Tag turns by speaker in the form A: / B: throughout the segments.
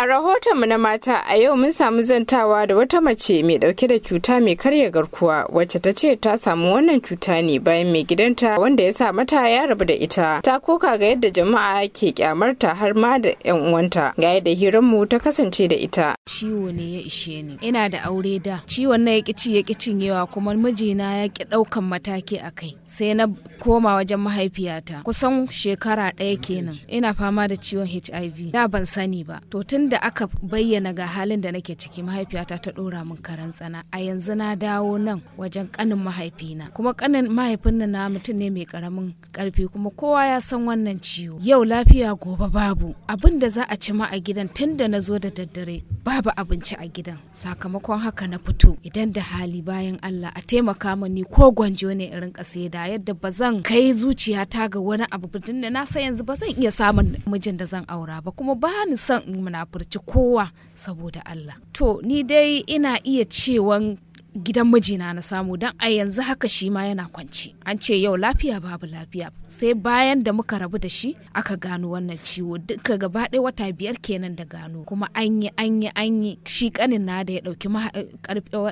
A: A rahoton mu na mata a yau mun samu zantawa da wata mace mai dauke da cuta mai karya garkuwa wacce ta ce ta samu wannan cuta ne bayan mai gidanta wanda ya sa mata ya rabu da ita. Ta koka ga yadda jama'a ke kyamarta har ma da 'yan uwanta. Ga yadda hiranmu ta kasance da ita. Ciwo ne ya ishe ni.
B: Ina da aure da. Ciwon na ya ƙici ya yawa kuma mijina ya ƙi ɗaukan mataki a kai. Sai na koma wajen mahaifiyata. Kusan shekara ɗaya kenan. Ina fama da ciwon HIV. Da ban sani ba. To tun da aka bayyana ga halin da nake ciki mahaifiyata ta dora min karan tsana a yanzu na dawo nan wajen kanin mahaifina kuma kanin mahaifin nan na mutum ne mai karamin karfi kuma kowa ya san wannan ciwo yau lafiya gobe babu abin da za a ci ma a gidan tun da na zo da daddare babu abinci a gidan sakamakon haka na fito idan da hali bayan Allah a taimaka ni ko gwanjo ne in rinka da yadda ba zan kai zuciyata ga wani abu na san yanzu ba zan iya samun mijin da zan aura ba kuma ba ni son muna kafirci kowa saboda Allah to ni dai ina iya cewan gidan mijina na samu don a yanzu haka shi ma yana kwanci an ce yau lafiya babu lafiya sai bayan da muka rabu da shi aka gano wannan ciwo duka gaba ɗaya wata biyar kenan da gano kuma an yi an yi an yi shi kanin na da ya ɗauki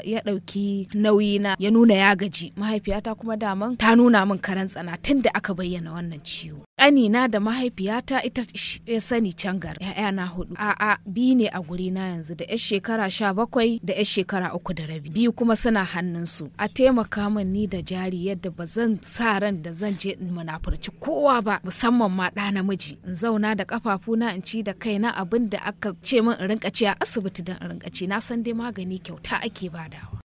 B: ya ɗauki nauyi na ya nuna ya gaji mahaifiyata kuma daman ta nuna min karan tsana tun da aka bayyana wannan ciwo ƙanina da mahaifiyata ita ya sani can gar na hudu a'a biyu ne a guri na yanzu da 'yar shekara sha bakwai da 'yar shekara uku da rabi biyu kuma suna hannunsu a taimaka min ni da jari yadda ba zan sa ran da zan je in munafurci kowa ba musamman ma ɗa namiji in zauna da kafafuna in ci da kaina abin da aka ce min in rinka ci a asibiti don in rinka ci na san dai magani kyauta ake badawa